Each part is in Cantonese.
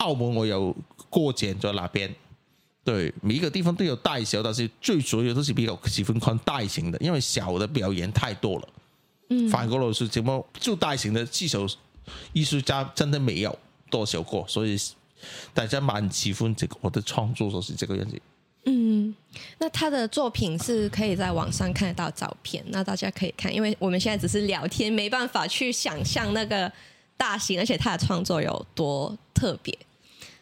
澳門我有過檢在那邊，對，每一個地方都有大小，但是最主要都是比較喜歡看大型的，因為小的表演太多了。嗯，反過來說，節目做大型的技術，至少藝術家真的沒有多少個，所以大家蠻喜歡這個。我的創作就是這個樣子。嗯，那他的作品是可以在網上看得到照片，那大家可以看，因為我們現在只是聊天，沒辦法去想象那個大型，而且他的創作有多特別。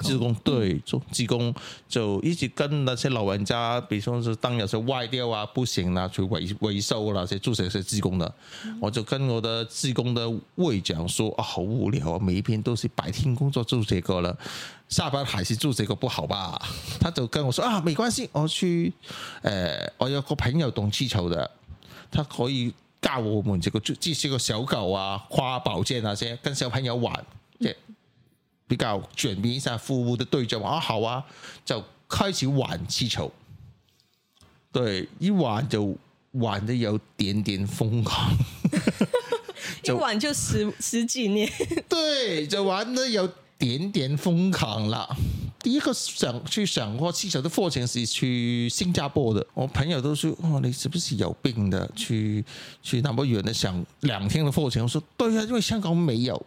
志工，對，做、嗯、志工就一直跟那些老人家，比如說燈有些壞掉啊，不行啦、啊，去維維修，那就做這些志工的、嗯。我就跟我的志工的會長說，啊，好無聊啊，每一都是白天工作做這個了，下班還是做這個不好吧？他就跟我說，啊，沒關係，我去，誒、呃，我有個朋友懂氣球的，他可以教我們這個做這些個小狗啊、花寶劍那、啊、些，跟小朋友玩。比較全面一下父母的對象，啊好啊，就開始玩氣球，對，一玩就玩的有點點瘋狂， 就 一玩就十十幾年， 對，就玩的有點點瘋狂啦。第一個想去想過氣球的課程是去新加坡的，我朋友都說，哦、你是不是有病的去去那麼遠的想兩天的課程。」我說對呀、啊，因為香港沒有。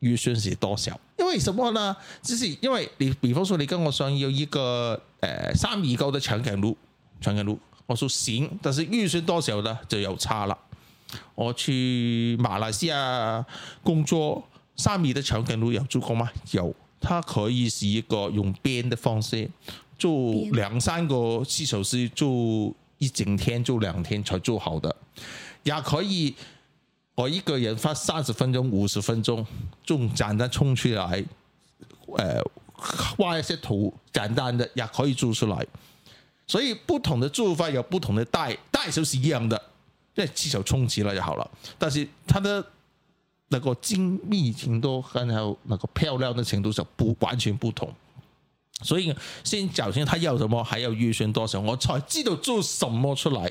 預算是多少？因為什麼呢？只是因為你，比方說你跟我想要一個誒、呃、三米高的長頸鹿，長頸鹿，我說行，但是預算多少呢？就有差了。我去馬來西亞工作，三米的長頸鹿有做過嗎？有，它可以是一個用編的方式做兩三個四小時，做一整天，做兩天才做好的，也可以。我一個人花三十分鐘、五十分鐘，仲簡單衝出來，誒、呃，畫一些圖，簡單的也可以做出來。所以不同的做法有不同的帶，帶數是一樣的，即係至少衝起來就好了。但是它的那個精密程度，跟後那個漂亮的程度就不完全不同。所以先找清他要什麼，還要預算多少，我才知道做什麼出來。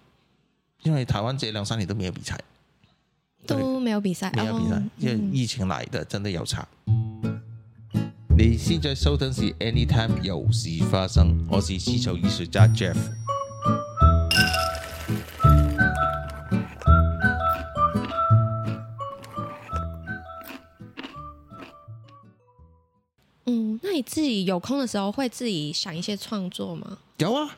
因為台灣這兩三年都沒有比賽，都沒有比賽，沒有比賽哦、因為疫情嚟都、嗯、真的有差。你現在收聽是 Anytime 有事發生，我是氣球藝術家 Jeff。嗯，那你自己有空的時候會自己想一些創作嗎？有啊。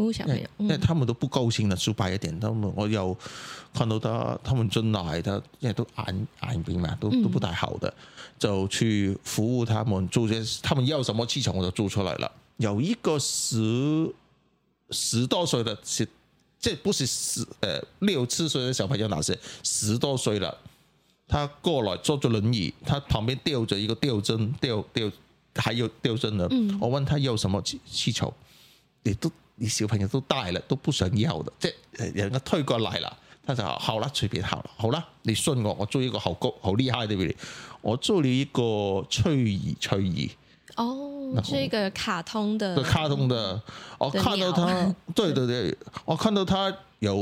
嗯、因為他們都不高興啦，說白一點，他們我又看到得，他們進來嘅，因為都眼眼病嘛，都都不太好的、嗯，就去服務他們做些他們要什麼氣球我就做出嚟了。有一個十十多歲的，是，即不是十誒、呃、六七歲的小朋友那些，十多歲了。他過來坐住輪椅，他旁邊吊着一個吊針，吊吊，吊還有吊針嘅、嗯，我問他要什麼氣球，佢都。你小朋友都大啦，都不想要後的，即係人家推過嚟啦，他就效啦，隨便效啦，好啦，你信我，我做一個好高好厲害，對不對？我做你一個崔二崔二。哦，做一個卡通的。後嗯、卡通的，嗯、我看到他，嗯、對對對，我看到他有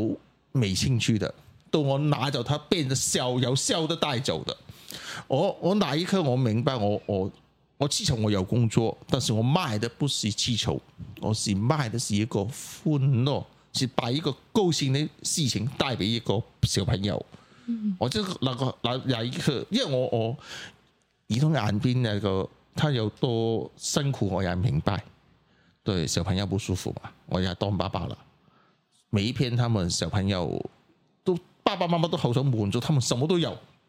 冇興趣的，到我拿就他變笑有笑都帶走的，我我那一刻我明白我我。我我我氣球，我有工作，但是我賣的不是氣球，我是賣的是一個歡樂，是把一個高興的事情帶俾一個小朋友。嗯、我即、這個、那嗱個嗱又一個，因為我我兒童眼邊一、那個，他有多辛苦我也明白，對小朋友不舒服嘛，我也當爸爸啦。每一篇他們小朋友都爸爸媽媽都好想滿足他們，什麼都有。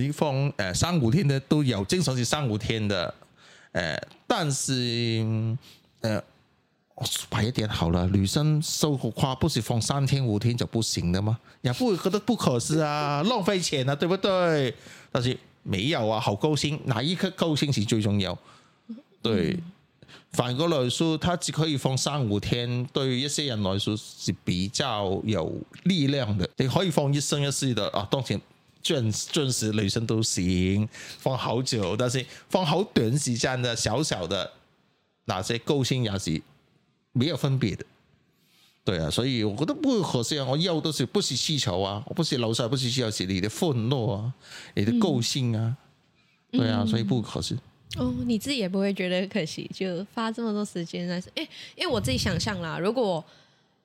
你放誒三五天的都有，正常是三五天的。誒、呃，但是誒，我說白、呃、一點好了。女生收個花不是放三天五天就不行的嗎？也不會覺得不可思議啊， 浪費錢啊，對不對？但是沒有啊，好高興，哪一刻高興是最重要。對，反、嗯、過來說，它只可以放三五天，對一些人來說是比較有力量的。你可以放一生一世的啊，當然。準時、準時，女生都行，放好久，但是放好短時間的小小的，嗱，些係高興也是沒有分別的。對啊，所以我覺得不合適啊。我憂都是不是氣球啊，我不是樓上，不是氣球，是你的憤怒啊，你的個性啊，嗯。對啊，所以不合適，嗯。哦，你自己也不會覺得可惜，就花這麼多時間來。誒，因為我自己想象啦，嗯、如果。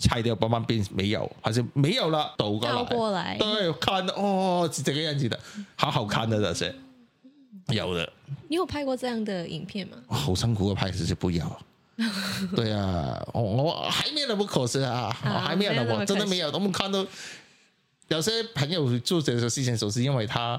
拆掉八萬邊沒有，還是沒有啦，倒過嚟，對，看哦，是這個樣子的，好好看的，就是，就、嗯、些有的，你有拍過這樣的影片嗎？好、哦、辛苦嘅拍攝就不要， 對啊，哦、我我還沒有那麼可惜啊，啊，我還沒有，我真的沒有，我們看到，有些朋友做這種事情，就是因為他。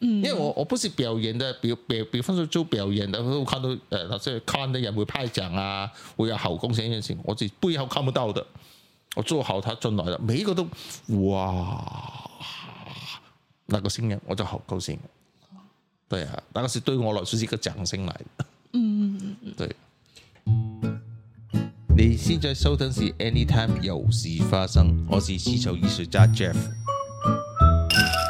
因為我我不是表演的，表表表，分做表,表,表,表演，都看到誒，即、呃、係看的人會拍掌啊，會有後功聲嗰陣時，我是背後看不到的。我做好，他進來了，每一個都，哇，那個聲音，我就好高興。對啊，那個是對我來說是一個掌聲嚟。的嗯，對。你現在收聽是 Anytime 有事發生，我是氣球藝術家 Jeff。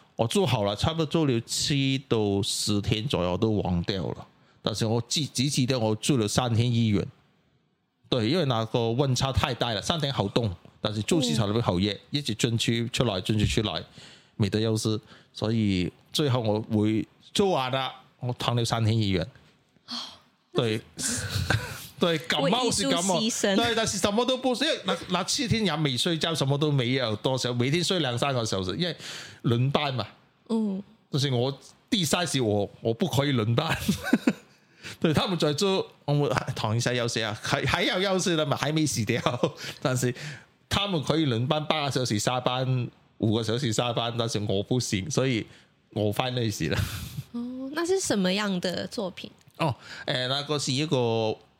我做好了，差不多做了七到十天左右，我都忘掉了。但是我只只記得我住了三天醫院，對，因為那個溫差太大了，三天好凍，但是做市場裏邊好熱，一直進去出來進去出來，沒得休息，所以最後我會做完啦，我躺了三天醫院，對。 對，感冒是咁啊，對，但係什麼都補，因為那那七天也沒睡覺，什麼都沒有，多少每天睡兩三個小時，因為輪班嘛。嗯，就是我第三是我我不可以輪班， 對，他們在做，我唐醫生休息啊，係還有休息啦嘛，還未死掉，但是他們可以輪班八個小時下班，五個小時下班，但是我不行，所以我翻呢時啦。哦，那是什麼樣的作品？哦，誒，那個是一個。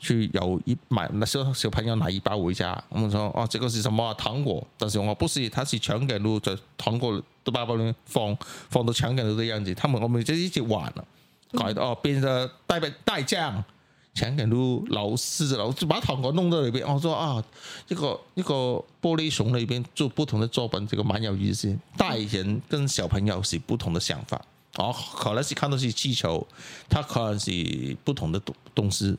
去有一買，那小小朋友拿一包回家，我們說，哦，這個是什麼糖果？但是我不是，他是長頸鹿，在糖果都包包裏放，放到長頸鹿的樣子。他們我們就一直玩啊，改到哦變成大伯大將長頸鹿老師，老師把糖果弄到裏邊。我說啊一、哦這個一、這個玻璃熊裏邊做不同的作品，這個蠻有意思。大人跟小朋友是不同的想法，哦，可能是看到是氣球，他可能是不同的東東西。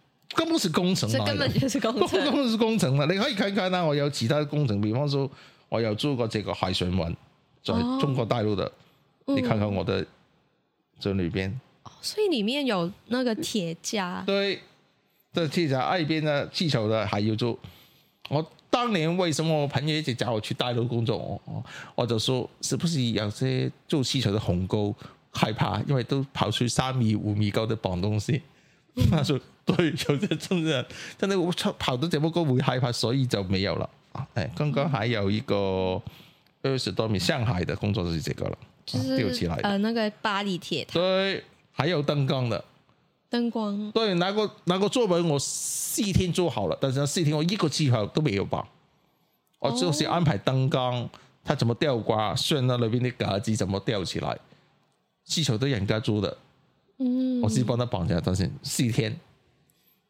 根本是工程嘛，根本是工程的，你可以看看我有其他工程，比方說，我有做過這個海水運，在、就是、中國大陸的、哦，你看看我的這裏邊。所以裏面有那個鐵架，對，就是鐵架啊、這氣球，岸邊的氣球的，還要做。我當年為什麼我朋友一直找我去大陸工作，我我就說，是不是有些做氣球的恐高，害怕，因為都跑出三米、五米高的綁東西，嗯 所以有啲中國人真係跑到這麼高會害怕，所以就沒有啦。誒、哎，剛剛還有一個二十多米上海的工作就是這個了，就是、吊起來的，誒、呃，那個巴黎鐵塔。對，還有燈光的。燈光對，那個那個作品我四天做好了，但係四天我一個氣球都沒有綁，哦。我就是安排燈光，它怎麼吊掛，隧到裏邊啲架子怎麼吊起來，氣球都人家租的。嗯，我是幫他綁住，但是四天。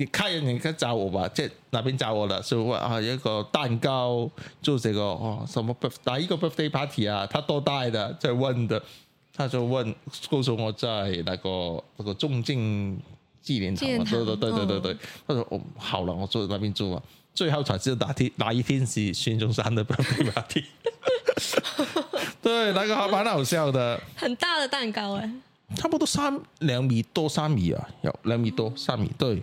你客人而家找我吧，即係那邊找我啦。所以話、啊、有一個蛋糕做這、就是、個哦，什麼哪一個 birthday party 啊？他多大的在問的，他就問告訴我在那個那個中正紀念堂。對對對對對對，佢、哦、話：哦，好了，我做喺邊做啊。最後才知道哪天哪一天是孫中山的 birthday party。 對，那個還蠻好笑的。很大的蛋糕，哎，差不多三兩米多，三米啊，有兩米多，三米，對。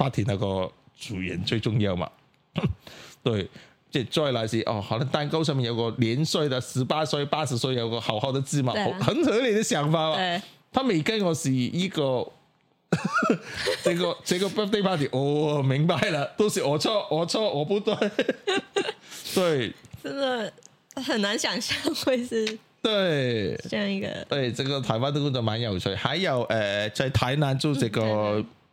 發田那個主人最重要嘛？ 對，即係再嚟是哦，可能蛋糕上面有個年歲啦，十八歲、八十歲有個好好的芝麻、啊，很合理的想法嘛、哦。他未跟我是呢個，呢 個呢個 birthday party，我、哦、明白了，都是我錯我錯我不對， 對，真的很難想象會是對這樣一個，對，這個台灣的工作蠻有趣，還有誒、呃，在台南做這個。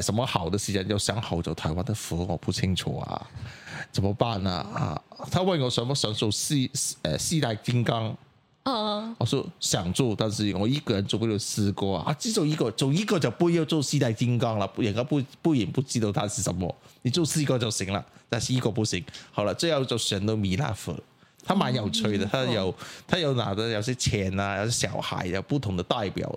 什麼好的事情，要想好做台灣的火，我不清楚啊，怎麼辦啊？啊，他問我想不想做四誒四大金剛。啊，我說想做，但是我一個人做不了四個啊，只做一個做一個，就不要做四大金剛了，人家不不然不，不知道它係什麼，你做四個就行了，但是一個不行。好了最後就選到米拉火，他蠻有趣的，他有他、嗯、有拿到有些錢啊，有些小孩，有不同的代表。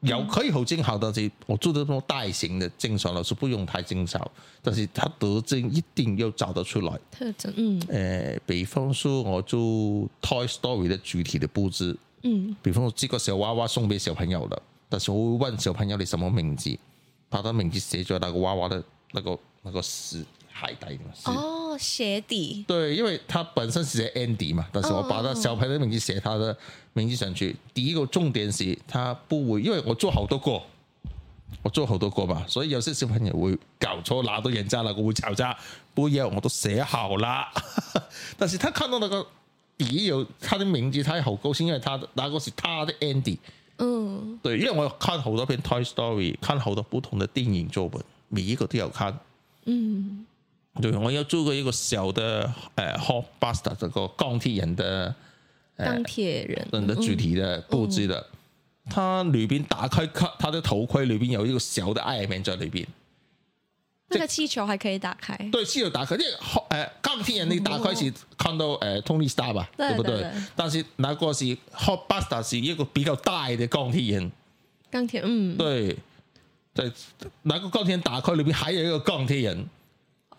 有可以好精巧，但是我做啲咁大型嘅正常，老師不用太精巧。但是佢特徵一定要找得出來。特徵，嗯。誒、呃，比方說我做 Toy Story 嘅主題嘅佈置，嗯。比方我知個小娃娃送畀小朋友啦，但是我會問小朋友你什麼名字？把佢名字寫在那個娃娃的那個那個。紙、那個鞋底哦，鞋底，oh, 對，因為他本身寫 Andy 嘛，但是我把他小朋友的名字寫他的名字上去。Oh. 第一個重點是，他不會，因為我做好多個，我做好多個嘛，所以有些小朋友會搞錯，拿到人家那個會嘈交，不過以後我都寫好啦。 但是他看到那個底有他的名字，他好高興，因為他那個是他的 Andy。嗯、mm.，對，因為我看好多片 Toy Story，看好多不同的電影作品，每一個都有看。嗯、mm.。對，我有做過一個小的誒、呃、Hot Buster 這個鋼鐵人的鋼鐵、呃、人的主題的佈置的，它裏邊打開它它的頭盔裏邊有一個小的 Iron Man 在裏邊。這、那個氣球還可以打開？對，氣球打開，因為誒鋼鐵人你打開是看到誒、哦呃、Tony Star 吧，對,對不對,對,對？但是那個是 Hot Buster 是一個比較大嘅鋼鐵人。鋼鐵嗯，對，對那個鋼鐵人打開裏邊還有一個鋼鐵人。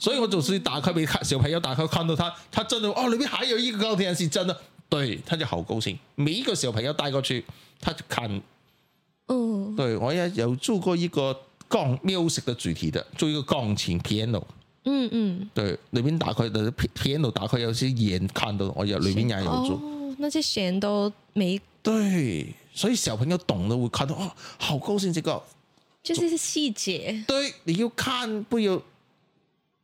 所以我就算打開俾小朋友打開看到他。他真的哦，裏面還有依個高鐵人是真啊，對，他就好高興。每一個小朋友帶過去，他就看，嗯，對，我也有做過一個鋼 music 的主題的，做一個鋼琴 piano，嗯嗯，對，裏邊打開 piano，打開有啲人看到，我又裏邊也有做，哦、那些人都美，對，所以小朋友懂得會看到，到哦好高興，這個這個就是細節，對，你要看不要。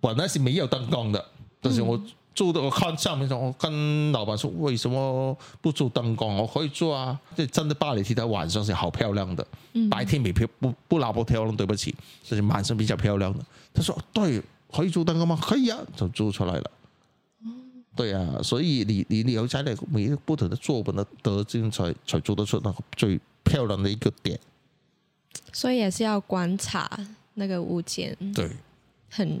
本來是沒有燈光的，但是我做的。我看上面，說我跟老闆說，為什麼不做燈光？我可以做啊！這真的巴黎鐵塔晚上是好漂亮的，嗯、白天沒漂，不不那麼漂亮。對不起，這是晚上比較漂亮的。他說：對，可以做燈光嗎？可以啊，就做出來了。嗯。對啊，所以你你你有仔咧，每一個不同的作品的德，的都先才才做得出那個最漂亮的一個點。所以也是要觀察那個物件，對，很。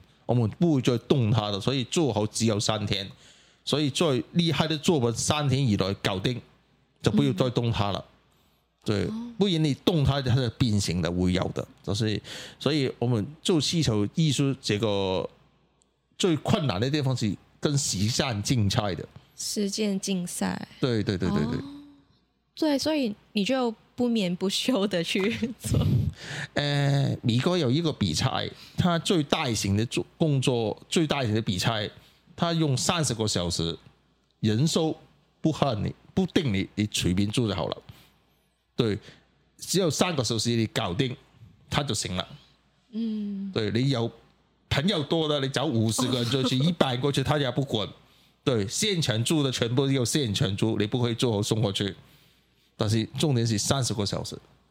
我們不會再動它的，所以做好只有三天，所以最厲害的作品三天以內搞定，就不要再動它了、嗯。對，不然你、哦、動它，它是變形的，會有的。就是，所以我們做氣球藝術這個最困難的地方是跟時間競賽的。時間競賽。對對對對對、哦，對，所以你就不眠不休的去做。 誒、呃，美國有一個比賽，他最大型的工作，最大型的比賽，他用三十個小時，人數不限你，不定你，你隨便做就好了。對，只有三個小時你搞定，他就行了。嗯，對你有朋友多了，你找五十個人就去，一百過去他，他也不管。對，現場做嘅全部要現場做，你不可以做好送過去。但是重點是三十個小時。